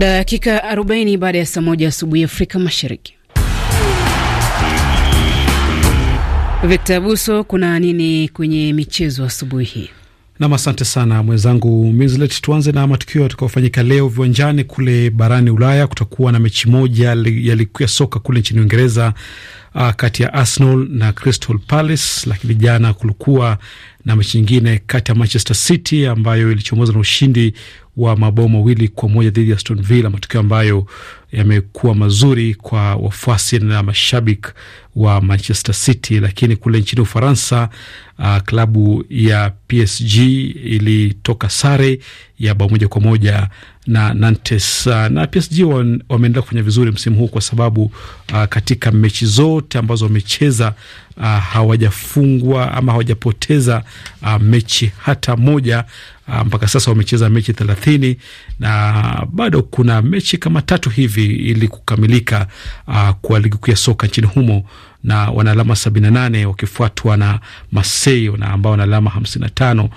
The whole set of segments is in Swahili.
Dakika 40 baada ya saa moja asubuhi Afrika Mashariki. Victor Abuso, kuna nini kwenye michezo asubuhi hii? Nam, asante sana mwenzangu Mislet. Tuanze na matukio yatakayofanyika leo viwanjani. Kule barani Ulaya kutakuwa na mechi moja ya ligi ya soka kule nchini Uingereza uh, kati ya Arsenal na Crystal Palace, lakini jana kulikuwa na mechi nyingine kati ya Manchester City ambayo ilichomoza na ushindi wa mabao mawili kwa moja dhidi ya Aston Villa, matokeo ambayo yamekuwa mazuri kwa wafuasi na mashabiki wa Manchester City. Lakini kule nchini Ufaransa, uh, klabu ya PSG ilitoka sare ya bao moja kwa moja na Nantes. Ah, na PSG wameendelea kufanya vizuri msimu huu kwa sababu uh, katika mechi zote ambazo wamecheza uh, hawajafungwa ama hawajapoteza uh, mechi hata moja uh, mpaka sasa wamecheza mechi thelathini na bado kuna mechi kama tatu hivi ili kukamilika uh, kwa ligi kuu ya soka nchini humo na wana alama 78 wakifuatwa na Marseille na ambao wana alama 55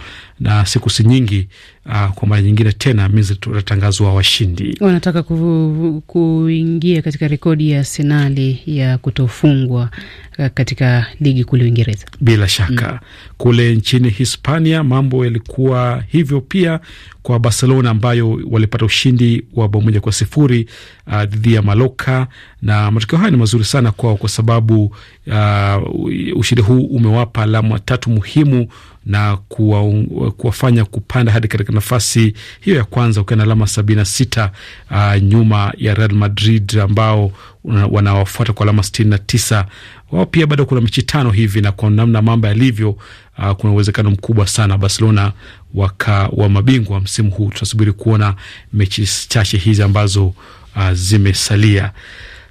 na siku si nyingi uh, kwa mara nyingine tena Messi tutatangazwa washindi. Wanataka ku, kuingia katika rekodi ya Arsenali ya kutofungwa ah, katika ligi kule Uingereza. Bila shaka mm. Kule nchini Hispania mambo yalikuwa hivyo pia kwa Barcelona ambayo walipata ushindi wa bao moja kwa sifuri ah, dhidi uh, ya Maloka, na matokeo haya ni mazuri sana kwao kwa sababu uh, ushindi huu umewapa alama tatu muhimu na kuwa, kuwafanya kupanda hadi katika nafasi hiyo ya kwanza ukiwa na alama sabini na sita uh, nyuma ya Real Madrid ambao wanawafuata kwa alama sitini na tisa. Wao pia bado kuna mechi tano hivi, na kwa namna mambo yalivyo, uh, kuna uwezekano mkubwa sana Barcelona wakawa mabingwa msimu huu. Tutasubiri kuona mechi chache hizi ambazo uh, zimesalia.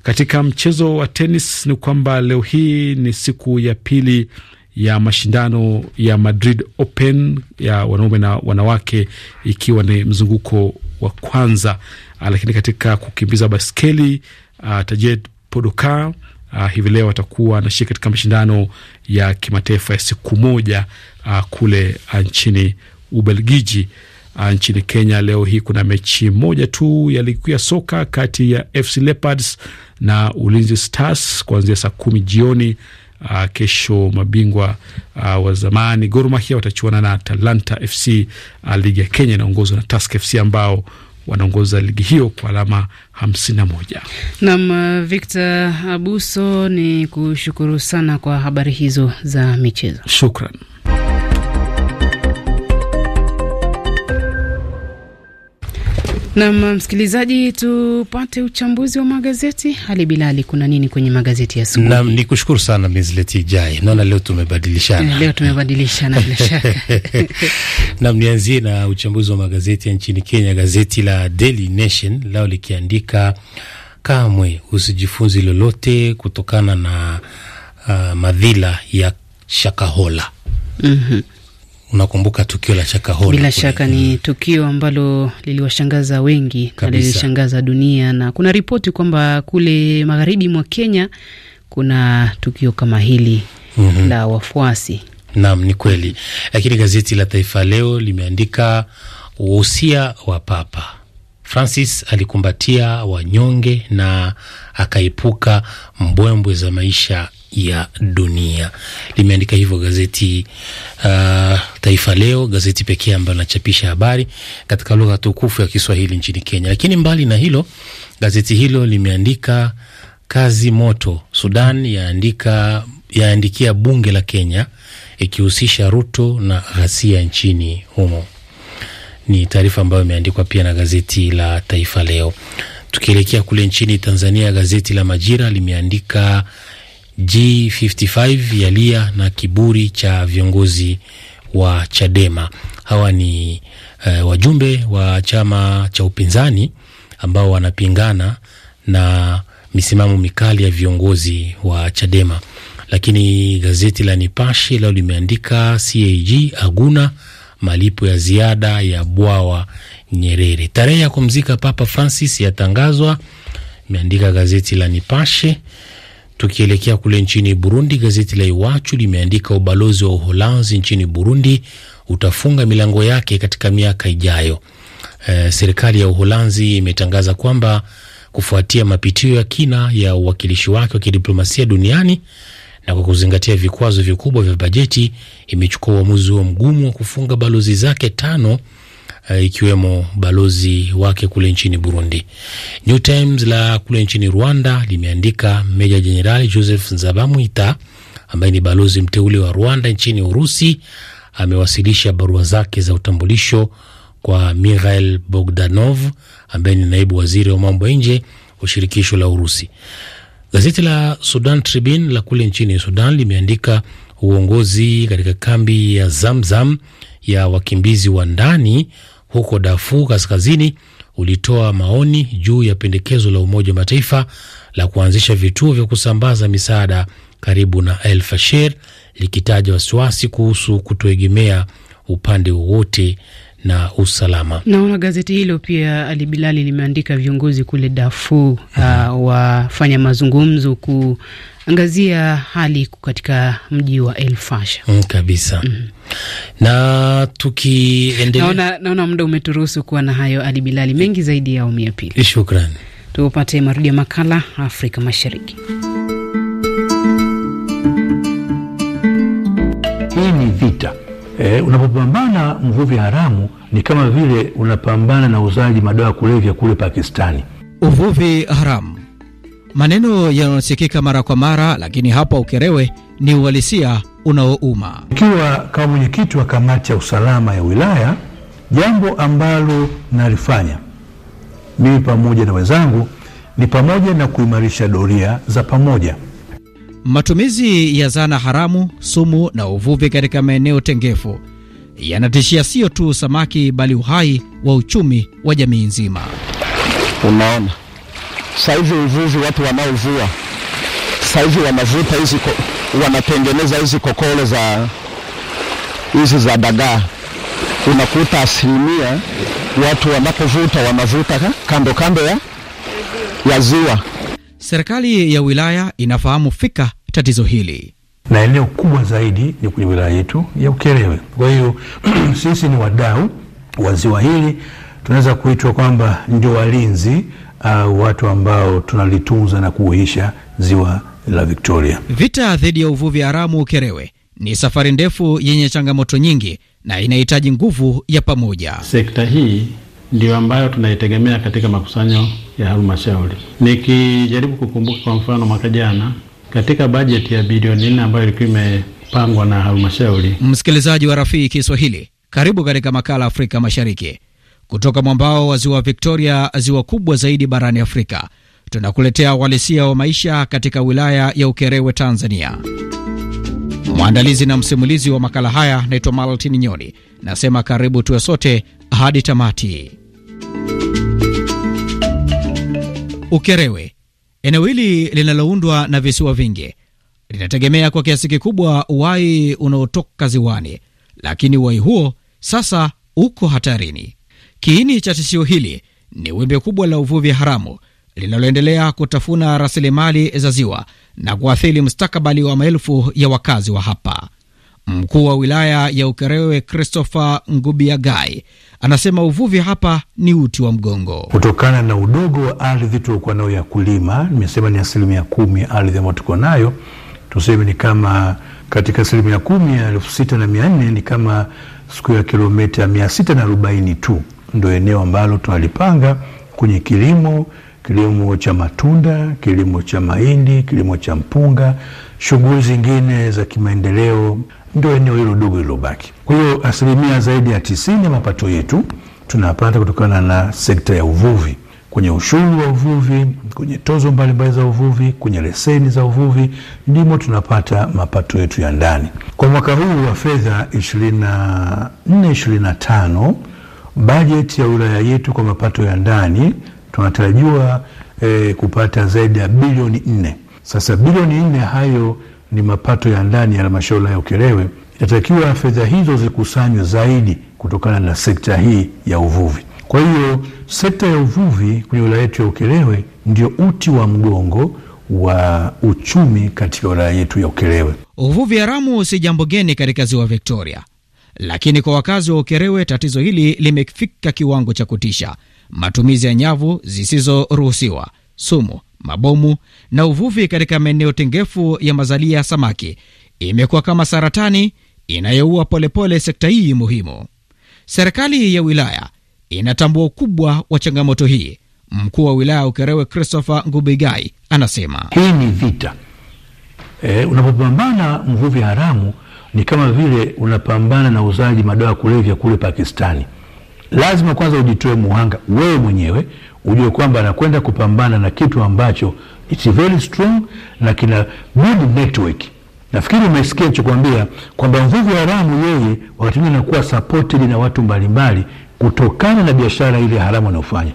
Katika mchezo wa tenis ni kwamba leo hii ni siku ya pili ya mashindano ya Madrid Open ya wanaume na wanawake, ikiwa ni mzunguko wa kwanza. Ah, lakini katika kukimbiza baskeli ah, Tajet Podoka Uh, ah, hivi leo atakuwa anashiriki katika mashindano ya kimataifa ya siku moja uh, kule uh, nchini Ubelgiji. Ah, nchini Kenya leo hii kuna mechi moja tu ya ligi kuu ya soka kati ya FC Leopards na Ulinzi Stars kuanzia saa kumi jioni. Uh, kesho mabingwa uh, wa zamani Gor Mahia watachuana na Talanta FC. Uh, ligi ya Kenya inaongozwa na Tusker FC ambao wanaongoza ligi hiyo kwa alama hamsini na moja. Victor Abuso, ni kushukuru sana kwa habari hizo za michezo. Shukran. Nam msikilizaji, tupate uchambuzi wa magazeti. Hali Bilali, kuna nini kwenye magazeti ya asubuhi? Nam ni kushukuru sana mizleti jai, naona leo tumebadilishana, eh, leo tumebadilishana bila shaka. Nam nianzie na uchambuzi wa magazeti ya nchini Kenya. Gazeti la Daily Nation lao likiandika kamwe usijifunzi lolote kutokana na uh, madhila ya Shakahola. mm -hmm. Unakumbuka tukio la chakahobila Bila shaka ni mm. tukio ambalo liliwashangaza wengi na lilishangaza dunia, na kuna ripoti kwamba kule magharibi mwa Kenya kuna tukio kama hili mm -hmm. la wafuasi. Naam, ni kweli, lakini gazeti la Taifa Leo limeandika wosia wa Papa Francis alikumbatia wanyonge na akaepuka mbwembwe za maisha ya dunia. Limeandika hivyo gazeti uh, Taifa Leo, gazeti pekee ambalo linachapisha habari katika lugha tukufu ya Kiswahili nchini Kenya. Lakini mbali na hilo, gazeti hilo limeandika kazi moto, Sudan yaandika yaandikia bunge la Kenya ikihusisha Ruto na ghasia nchini humo. Ni taarifa ambayo imeandikwa pia na gazeti la Taifa Leo. Tukielekea kule nchini Tanzania, gazeti la Majira limeandika G55 yalia na kiburi cha viongozi wa Chadema. Hawa ni eh, wajumbe wa chama cha upinzani ambao wanapingana na misimamo mikali ya viongozi wa Chadema. Lakini gazeti la Nipashe leo limeandika CAG aguna malipo ya ziada ya bwawa Nyerere. Tarehe ya kumzika Papa Francis yatangazwa, imeandika gazeti la Nipashe. Tukielekea kule nchini Burundi, gazeti la Iwachu limeandika ubalozi wa Uholanzi nchini Burundi utafunga milango yake katika miaka ijayo. E, serikali ya Uholanzi imetangaza kwamba kufuatia mapitio ya kina ya uwakilishi wake wa kidiplomasia duniani na kwa kuzingatia vikwazo vikubwa vya bajeti, imechukua uamuzi huo mgumu wa kufunga balozi zake tano uh, ikiwemo balozi wake kule nchini Burundi. New Times la kule nchini Rwanda limeandika Meja Jenerali Joseph Nzabamwita ambaye ni balozi mteule wa Rwanda nchini Urusi amewasilisha barua zake za utambulisho kwa Mikhail Bogdanov ambaye ni naibu waziri wa mambo ya nje wa shirikisho la Urusi. Gazeti la Sudan Tribune la kule nchini Sudan limeandika uongozi katika kambi ya Zamzam ya wakimbizi wa ndani huko Darfur Kaskazini ulitoa maoni juu ya pendekezo la Umoja wa Mataifa la kuanzisha vituo vya kusambaza misaada karibu na El Fasher likitaja wasiwasi kuhusu kutoegemea upande wowote na usalama. Naona gazeti hilo pia Ali Bilali limeandika viongozi kule dafu uh, mhm. ah, wafanya mazungumzo kuangazia hali katika mji wa El mm, kabisa mm. Na tukiendelea, naona, naona muda umeturuhusu kuwa na hayo. Ali Bilali, mengi zaidi ya awamu ya pili. Shukran, tupate marudio ya makala Afrika Mashariki. Hii ni vita E, unapopambana mvuvi haramu ni kama vile unapambana na uzaji madawa ya kulevya kule Pakistani. Uvuvi haramu, maneno yanayosikika mara kwa mara, lakini hapa Ukerewe ni uhalisia unaouma. Ikiwa kama mwenyekiti wa kamati ya usalama ya wilaya, jambo ambalo nalifanya mimi pamoja na wenzangu ni pamoja na kuimarisha doria za pamoja. Matumizi ya zana haramu, sumu na uvuvi katika maeneo tengefu yanatishia sio tu samaki bali uhai wa uchumi wa jamii nzima. Unaona hivi uvuvi, watu wanaovua sahivi wanavuta hizi, wanatengeneza hizi kokole za hizi za dagaa, unakuta asilimia watu wanapovuta wanavuta kando kando ya, ya ziwa Serikali ya wilaya inafahamu fika tatizo hili na eneo kubwa zaidi ni kwenye wilaya yetu ya Ukerewe. Kwa hiyo sisi ni wadau wa ziwa hili, tunaweza kuitwa kwamba ndio walinzi au uh, watu ambao tunalitunza na kuuisha ziwa la Victoria. Vita dhidi ya uvuvi haramu Ukerewe ni safari ndefu yenye changamoto nyingi na inahitaji nguvu ya pamoja. Sekta hii ndiyo ambayo tunaitegemea katika makusanyo ya halmashauri. Nikijaribu kukumbuka, kwa mfano mwaka jana katika bajeti ya bilioni nne ambayo ilikuwa imepangwa na halmashauri. Msikilizaji wa Rafii Kiswahili, karibu katika makala Afrika Mashariki. Kutoka mwambao wa ziwa Victoria, ziwa kubwa zaidi barani Afrika, tunakuletea uhalisia wa maisha katika wilaya ya Ukerewe, Tanzania. Mwandalizi na msimulizi wa makala haya naitwa maltin Nyoni, nasema karibu tuwe sote hadi tamati. Ukerewe. Eneo hili linaloundwa na visiwa vingi linategemea kwa kiasi kikubwa uwai unaotoka ziwani, lakini uwai huo sasa uko hatarini. Kiini cha tishio hili ni wimbi kubwa la uvuvi haramu linaloendelea kutafuna rasilimali za ziwa na kuathiri mustakabali wa maelfu ya wakazi wa hapa. Mkuu wa wilaya ya Ukerewe Christopher Ngubiagai anasema uvuvi hapa ni uti wa mgongo kutokana na udogo wa ardhi tuliokuwa nayo ya kulima. Nimesema ni asilimia kumi ya ardhi ambayo tuko nayo, tuseme ni kama katika asilimia kumi ya elfu sita na mia nne ni kama siku ya kilomita mia sita na arobaini tu ndo eneo ambalo tunalipanga kwenye kilimo kilimo cha matunda, kilimo cha mahindi, kilimo cha mpunga, shughuli zingine za kimaendeleo ndio eneo hilo dogo lilobaki. Kwa hiyo asilimia zaidi ya tisini ya mapato yetu tunapata kutokana na sekta ya uvuvi, kwenye ushuru wa uvuvi, kwenye tozo mbalimbali za uvuvi, kwenye leseni za uvuvi, ndimo tunapata mapato yetu ya ndani. Kwa mwaka huu wa fedha 24 25 bajeti ya wilaya yetu kwa mapato ya ndani tunatarajiwa eh, kupata zaidi ya bilioni nne. Sasa bilioni nne hayo ni mapato ya ndani ya halmashauri ya Ukerewe, inatakiwa fedha hizo zikusanywe zaidi kutokana na sekta hii ya uvuvi. Kwa hiyo sekta ya uvuvi kwenye wilaya yetu ya Ukerewe ndio uti wa mgongo wa uchumi katika wilaya yetu ya Ukerewe. Uvuvi haramu si jambo geni katika ziwa Victoria, lakini kwa wakazi wa Ukerewe tatizo hili limefika kiwango cha kutisha: matumizi ya nyavu zisizoruhusiwa, sumu mabomu na uvuvi katika maeneo tengefu ya mazalia ya samaki imekuwa kama saratani inayoua polepole sekta hii muhimu. Serikali ya wilaya inatambua ukubwa wa changamoto hii. Mkuu wa wilaya Ukerewe Christopher Ngubigai anasema hii ni vita. E, unapopambana mvuvi haramu ni kama vile unapambana na uzaji madawa ya kulevya kule Pakistani. Lazima kwanza ujitoe muhanga wewe mwenyewe, ujue kwamba anakwenda kupambana na kitu ambacho it's very strong na kina build network. Nafikiri umesikia nichokuambia kwamba mvuvi haramu yeye wakati mwingine anakuwa supported na watu mbalimbali kutokana na biashara ile haramu anayofanya,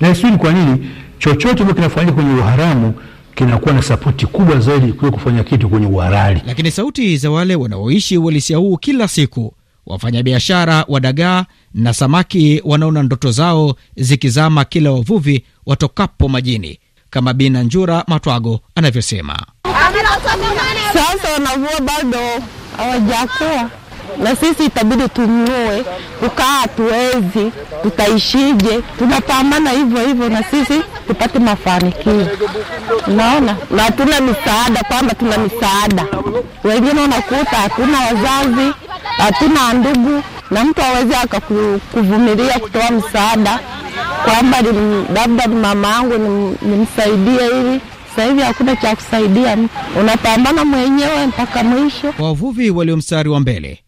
na sijui kwa nini chochote ambacho kinafanyika kwenye uharamu kinakuwa na sapoti kubwa zaidi kuliko kufanya kitu kwenye uharali. Lakini sauti za wale wanaoishi uhalisia huu kila siku, wafanyabiashara wadagaa na samaki wanaona ndoto zao zikizama kila wavuvi watokapo majini, kama Bina Njura Matwago anavyosema. Sasa wanavua bado hawajakua, na sisi itabidi tumue kukaa hatuwezi, tutaishije? Tunapambana hivyo hivyo na sisi tupate mafanikio, naona na hatuna misaada, kwamba tuna misaada. Wengine unakuta hatuna wazazi, hatuna ndugu, na mtu aweze akakuvumilia kutoa msaada kwamba labda ni mama yangu nimsaidie hili Sasa hivi hakuna cha kusaidia, unapambana mwenyewe mpaka mwisho. Wavuvi walio mstari wa mbele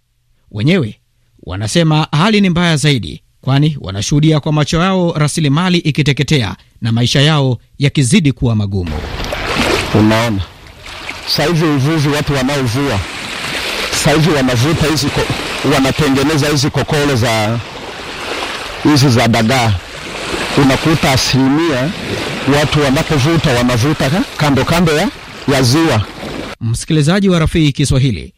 wenyewe wanasema hali ni mbaya zaidi, kwani wanashuhudia kwa macho yao rasilimali ikiteketea na maisha yao yakizidi kuwa magumu. Unaona sasa hivi uvuvi, watu wanaovua sasa hivi wanavuta hizi, wanatengeneza hizi kokole za hizi za dagaa, unakuta asilimia watu wanapovuta wanavuta kando kando ya, ya ziwa. Msikilizaji wa Rafii Kiswahili,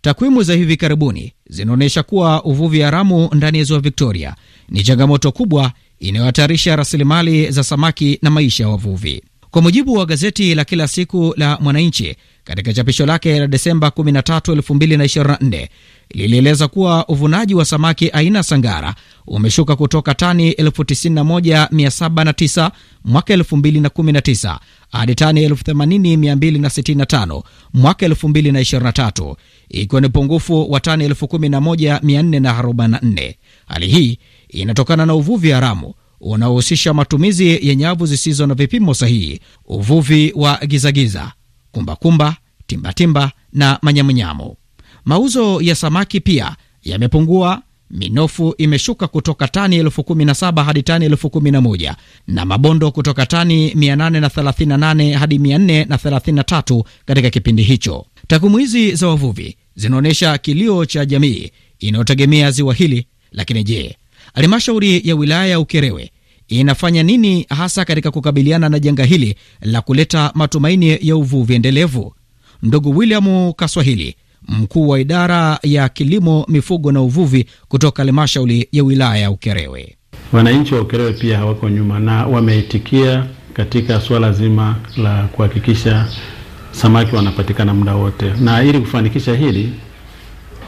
takwimu za hivi karibuni zinaonyesha kuwa uvuvi haramu ndani ya ziwa Victoria ni changamoto kubwa inayohatarisha rasilimali za samaki na maisha ya wavuvi. Kwa mujibu wa gazeti la kila siku la Mwananchi katika chapisho lake la Desemba 13, 2024 lilieleza kuwa uvunaji wa samaki aina sangara umeshuka kutoka tani 91709 mwaka 2019 hadi tani 80265 mwaka 2023, ikiwa ni pungufu wa tani 11444. Hali hii inatokana na uvuvi haramu unaohusisha matumizi ya nyavu zisizo na vipimo sahihi, uvuvi wa gizagiza giza kumbakumba, timbatimba na manyamunyamu. Mauzo ya samaki pia yamepungua. Minofu imeshuka kutoka tani elfu kumi na saba hadi tani elfu kumi na moja na mabondo kutoka tani 838 hadi 433 katika kipindi hicho. Takwimu hizi za wavuvi zinaonyesha kilio cha jamii inayotegemea ziwa hili. Lakini je, halmashauri ya wilaya ya Ukerewe inafanya nini hasa katika kukabiliana na janga hili la kuleta matumaini ya uvuvi endelevu? Ndugu William Kaswahili, mkuu wa idara ya kilimo, mifugo na uvuvi kutoka halmashauri ya wilaya ya Ukerewe. Wananchi wa Ukerewe pia hawako nyuma na wameitikia katika suala zima la kuhakikisha samaki wanapatikana muda wote, na ili kufanikisha hili,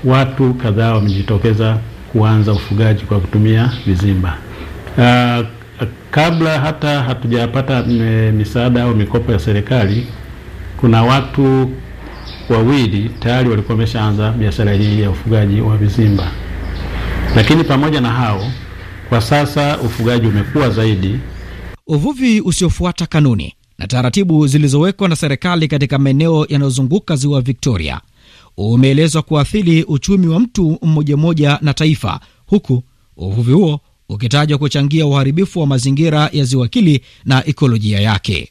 watu kadhaa wamejitokeza kuanza ufugaji kwa kutumia vizimba. Uh, kabla hata hatujapata eh, misaada au mikopo ya serikali, kuna watu wawili tayari walikuwa wameshaanza biashara hii ya ufugaji wa vizimba. Lakini pamoja na hao, kwa sasa ufugaji umekuwa zaidi. Uvuvi usiofuata kanuni na taratibu zilizowekwa na serikali katika maeneo yanayozunguka ziwa Victoria umeelezwa kuathiri uchumi wa mtu mmoja mmoja na taifa, huku uvuvi huo ukitajwa kuchangia uharibifu wa mazingira ya ziwa Kili na ekolojia yake.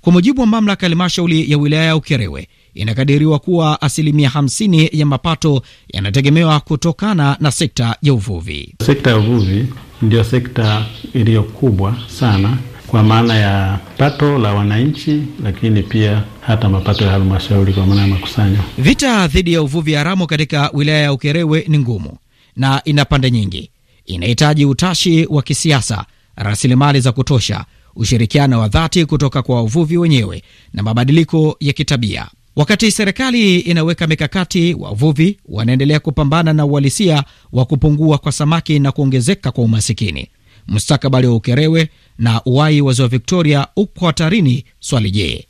Kwa mujibu wa mamlaka ya halmashauri ya wilaya ya Ukerewe, inakadiriwa kuwa asilimia 50 ya mapato yanategemewa kutokana na sekta ya uvuvi. Sekta ya uvuvi ndiyo sekta iliyo kubwa sana kwa maana ya pato la wananchi, lakini pia hata mapato ya halmashauri kwa maana ya makusanyo. Vita dhidi ya uvuvi haramu katika wilaya ya Ukerewe ni ngumu na ina pande nyingi inahitaji utashi wa kisiasa, rasilimali za kutosha, ushirikiano wa dhati kutoka kwa wavuvi wenyewe na mabadiliko ya kitabia. Wakati serikali inaweka mikakati, wavuvi wanaendelea kupambana na uhalisia wa kupungua kwa samaki na kuongezeka kwa umasikini. Mustakabali wa Ukerewe na uwai wa ziwa Victoria uko hatarini. Swali je,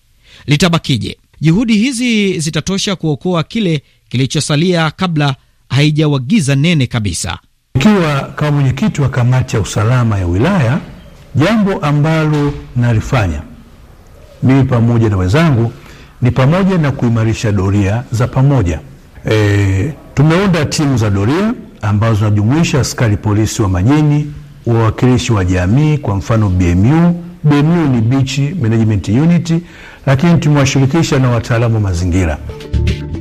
litabakije? Juhudi hizi zitatosha kuokoa kile kilichosalia kabla haijawagiza nene kabisa? Ikiwa kama mwenyekiti wa kamati ya usalama ya wilaya, jambo ambalo nalifanya mimi pamoja na wenzangu ni pamoja na kuimarisha doria za pamoja. E, tumeunda timu za doria ambazo zinajumuisha askari polisi wa majini, wawakilishi wa jamii, kwa mfano BMU. BMU ni Beach Management Unit, lakini tumewashirikisha na wataalamu wa mazingira.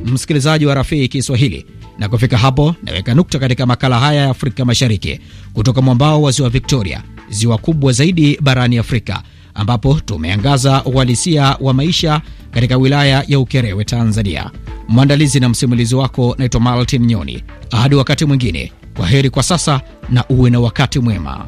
Msikilizaji wa Rafiki Kiswahili na kufika hapo naweka nukta katika makala haya ya Afrika Mashariki kutoka mwambao wa ziwa Victoria, ziwa kubwa zaidi barani Afrika, ambapo tumeangaza uhalisia wa maisha katika wilaya ya Ukerewe, Tanzania. Mwandalizi na msimulizi wako naitwa Martin Nyoni. Hadi wakati mwingine, kwa heri kwa sasa na uwe na wakati mwema.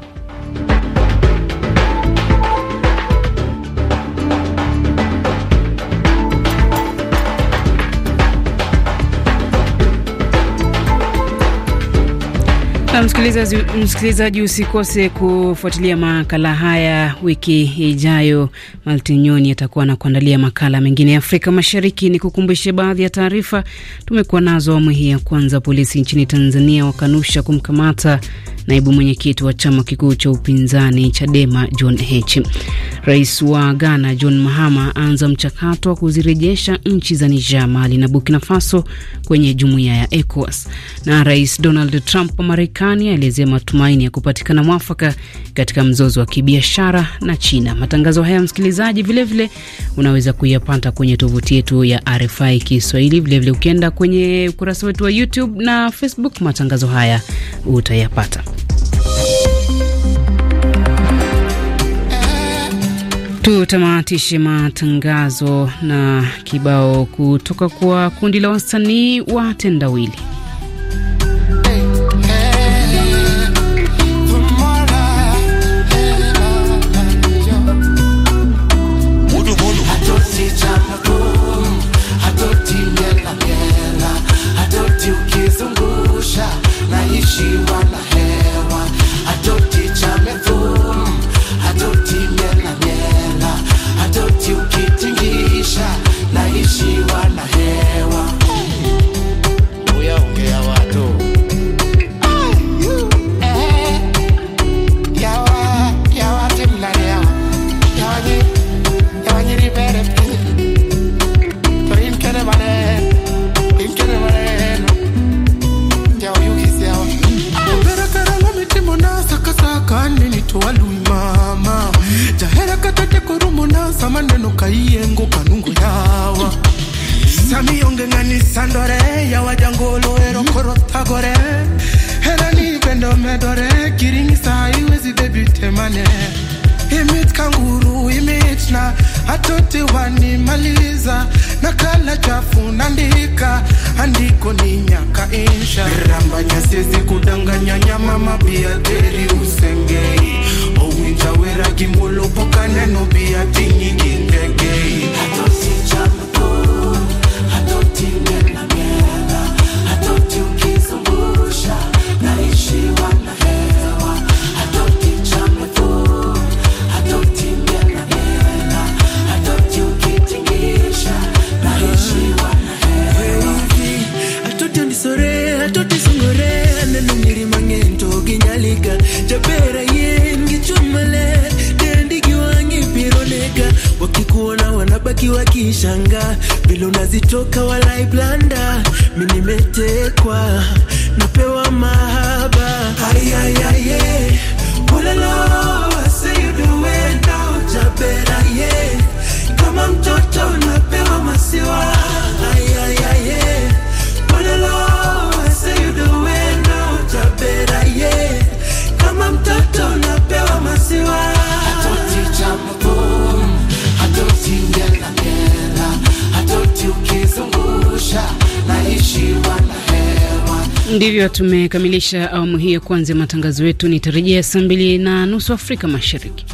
msikilizaji, msikilizaji usikose kufuatilia makala haya wiki ijayo. Maltinyoni atakuwa na kuandalia makala mengine ya Afrika Mashariki. Ni kukumbushe baadhi ya taarifa tumekuwa nazo awamu hii ya kwanza. Polisi nchini Tanzania wakanusha kumkamata naibu mwenyekiti wa chama kikuu cha upinzani Chadema John Heche. Rais wa Ghana John Mahama aanza mchakato wa kuzirejesha nchi za Niger, Mali na Burkina Faso kwenye jumuiya ya ECOWAS. Na Rais Donald Trump wa Marekani aelezea matumaini ya kupatikana mwafaka katika mzozo wa kibiashara na China. Matangazo haya msikilizaji, vilevile unaweza kuyapata kwenye tovuti yetu ya RFI Kiswahili, vilevile ukienda kwenye ukurasa wetu wa YouTube na Facebook, matangazo haya utayapata. Tutamatishe matangazo na kibao kutoka kwa kundi la wasanii wa Tendawili. umedore kiringi saa iwezi bebi temane imit kanguru imit na atoti wanimaliza na kala chafu nandika andiko ni nyaka insha ramba siezi kudanganya nyama mabia teri usengei owinja weragi mulopokane no bia tinyigindegei atosichama kutoka walai blanda, mimi nimetekwa nipe Ndivyo tumekamilisha awamu hii ya kwanza ya matangazo yetu. Nitarejea saa mbili na nusu Afrika Mashariki.